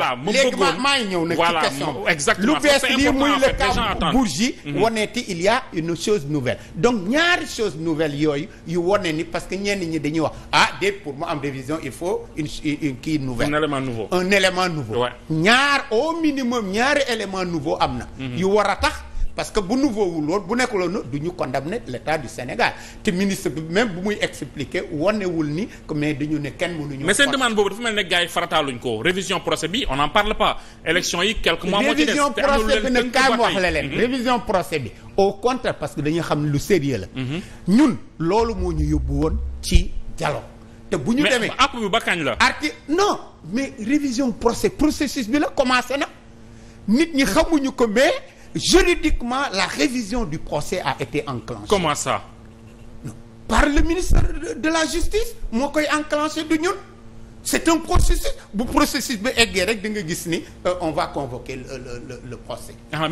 voilà ma léegi ma maa ngi ñëw nag ci question exactement lu bees lii muy le cas Bourgi woneeti mhm. il y une chose nouvelle donc ñaari chose nouvelle yooyu yu wone ni parce que ñenn ñi dañuy wax ah dé pour mu am révision il faut une une kii nouvelle un élément nouveau un élément nouveau ñaar au minimum ñaari élément nouveau am na mhm. yu war a parce que bu nouveau wul woon bu nekkul woon du ñu condamner l'état du Sénégal te ministre bi même bu muy expliquer wonewul ni que mais dañu ne kenn mënuñu. mais seen demande boobu dafa mel ne gars farataaluñ ko révision procès bi on n'en parle pas. élection mu wax la leen mhm. révision procès bi au contraire parce que dañuy xam lu sérieux la. Mhm. ñun loolu moo ñu yóbbu woon ci dialogue. te bu ñu demee app bi ba kañ la. arti non mais révision procès processus bi la commencé na juridiquement la révision du procès a été enclenchée. comment ça. par le ministre de la justice moo koy enclenché du ñun. c'est un processus bu processus bi eggee rek da nga gis ni euh, on va convoquer le le le, le procès. Ah,